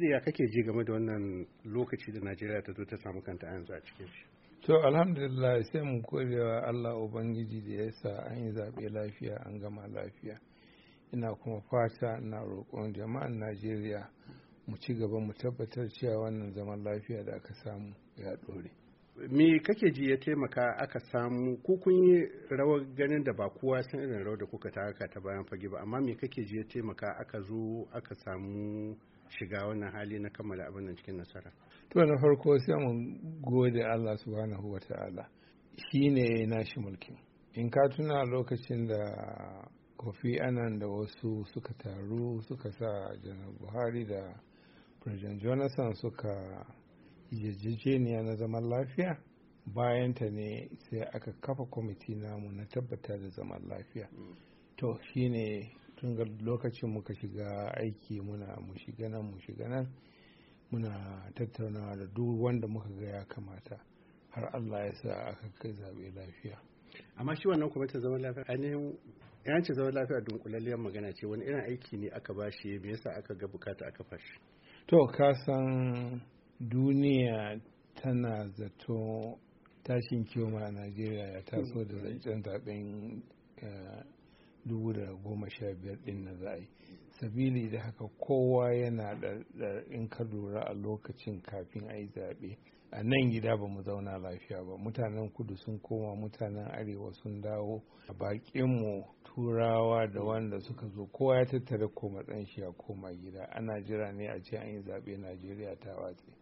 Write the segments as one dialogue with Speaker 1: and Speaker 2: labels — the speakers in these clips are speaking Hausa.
Speaker 1: ya kake ji game da wannan lokaci da najeriya ta zo ta samu kanta a yanzu a cikin shi
Speaker 2: to alhamdulillah sai mu kodewa allah ubangiji da ya sa an yi zaɓe lafiya an gama lafiya ina kuma fata na roƙon jama'an najeriya mu ci gaba mu tabbatar cewa wannan zaman lafiya da aka samu ya ɗore
Speaker 1: me kake ji ya taimaka aka samu ko kun yi rawar ganin da ba kowa san irin rawar da kuka taka ta bayan fage ba amma me kake ji ya taimaka aka zo aka samu shiga wannan hali na kammala abin nan cikin nasara
Speaker 2: to na farko sai mun gode Allah subhanahu wataala shine nashi mulkin in ka tuna lokacin da kofi anan da wasu suka taru suka sa janar buhari da president jonathan suka yarjejeniya na zaman lafiya bayanta ne sai aka kafa kwamiti namu na tabbata da zaman lafiya to shine tun lokacin muka shiga aiki muna mu shiga nan mu shiga nan muna tattaunawa da duk wanda muka ga ya kamata har Allah
Speaker 1: ya sa aka kai zaɓe lafiya amma shi wannan kwamitin zaman lafiya ne yancin zaman lafiya dunkulalliyar magana ce wani irin aiki ne aka bashi me yasa aka ga bukata aka fashi
Speaker 2: to ka san duniya tana zato tashin kiyoma a najeriya ya taso da zancen zaben eh, biyar din na za sabili da haka kowa yana da in ka lura a lokacin kafin a yi zaɓe a nan gida ba mu zauna lafiya ba mutanen kudu sun koma mutanen arewa sun dawo a bakinmu turawa da wanda suka zo kowa ya tattara ko shi ya koma gida ana jira ne a ce an yi zaɓe najeriya ta watse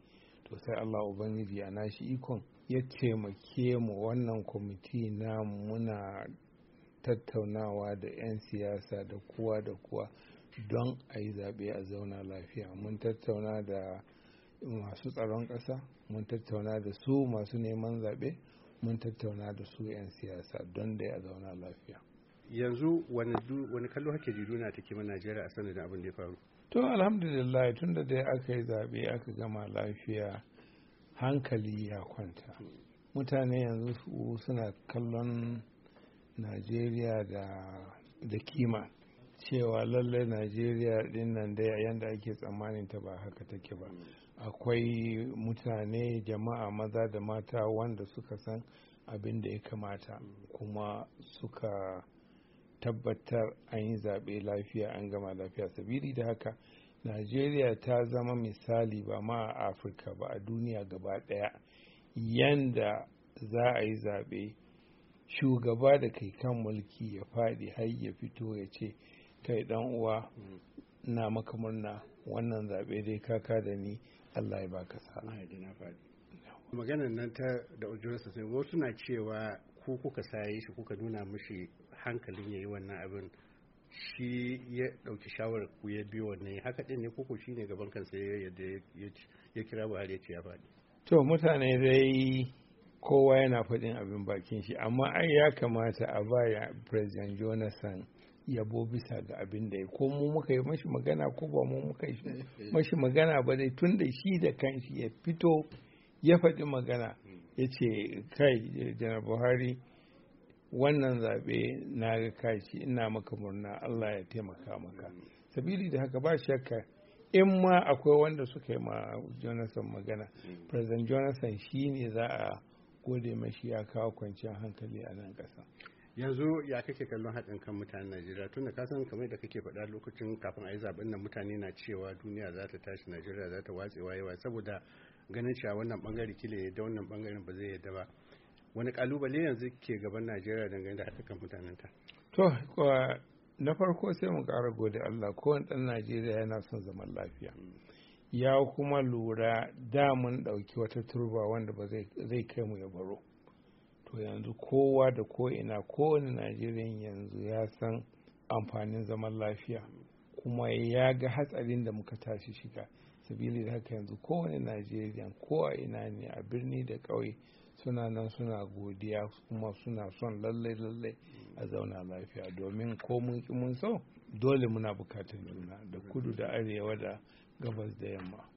Speaker 2: to sai Allah Ubangiji a nashi ikon ya taimake mu wannan kwamiti na muna tattaunawa da 'yan siyasa da kuwa da kuwa don a yi zaɓe a zauna lafiya mun tattauna da masu tsaron ƙasa mun tattauna da su masu neman zaɓe mun tattauna da su 'yan siyasa don da ya
Speaker 1: zauna lafiya yanzu wani kallo hake duniya ta ma najeriya a sanadin abin da ya faru
Speaker 2: to alhamdulillah tun da dai aka yi zaɓe aka gama lafiya hankali ya kwanta mutane yanzu suna kallon najeriya da kima cewa lallai najeriya din nan da yadda ake tsammanin ta ba haka take ba akwai mutane jama'a maza da mata wanda suka san abin da ya kamata kuma suka tabbatar an yi zaɓe lafiya an gama lafiya sabidi da haka najeriya ta zama misali ba ma a afirka ba a duniya gaba daya yanda za a yi zaɓe shugaba da kai kan mulki ya faɗi har ya fito ya ce kai ɗan uwa na maka murna wannan zaɓe dai kaka da ni allah ya baka sa'a
Speaker 1: maganar nan ta da ujurarsa sai wasu na cewa ku kuka saye shi kuka nuna mishi hankalin ya yi wannan abin shi ya ɗauki shawarar ku ya biyo ne haka din ne koko shi ne gaban kansa yadda ya kira buhari ya ce ya faɗi
Speaker 2: to mutane dai kowa yana faɗin abin bakin shi amma ai ya kamata a baya president jonathan yabo bisa ga abin da ya ko mu muka yi mashi magana ko ba mu muka yi mashi magana ba dai tun da shi da kanshi ya fito ya faɗi magana ya ce kai janar buhari wannan zaɓe na ga kashi ina maka murna Allah ya taimaka maka sabili da haka ba shakka in ma akwai wanda suka yi ma jonathan magana president jonathan shi ne za a gode mashi ya kawo kwanciyar hankali a nan ƙasa
Speaker 1: yanzu ya kake kallon haɗin kan mutanen najeriya tun da kasan kamar da kake faɗa lokacin kafin a yi zaɓen nan mutane na cewa duniya za ta tashi najeriya za ta watse wayewa saboda ganin cewa wannan bangare kile da wannan ɓangaren ba zai yadda ba wani kalubale yanzu ke gaban najeriya dangane da mutanen mutanenta
Speaker 2: to na farko sai mu ƙara gode allah kowane ɗan najeriya yana son zaman lafiya mm. ya kuma lura da mun ɗauki wata turba wanda ba zai kai mu ya baro to yanzu kowa da ko ko'ina kowane Najeriya yanzu ya san amfanin zaman lafiya kuma ya ga hatsarin da muka tashi shiga sabili da haka yanzu kowane ko a ina ne a birni da ƙauye suna nan suna godiya kuma suna son lallai lallai a zauna lafiya domin ko mun ki mun so dole muna bukatar juna da kudu da arewa da gabas da yamma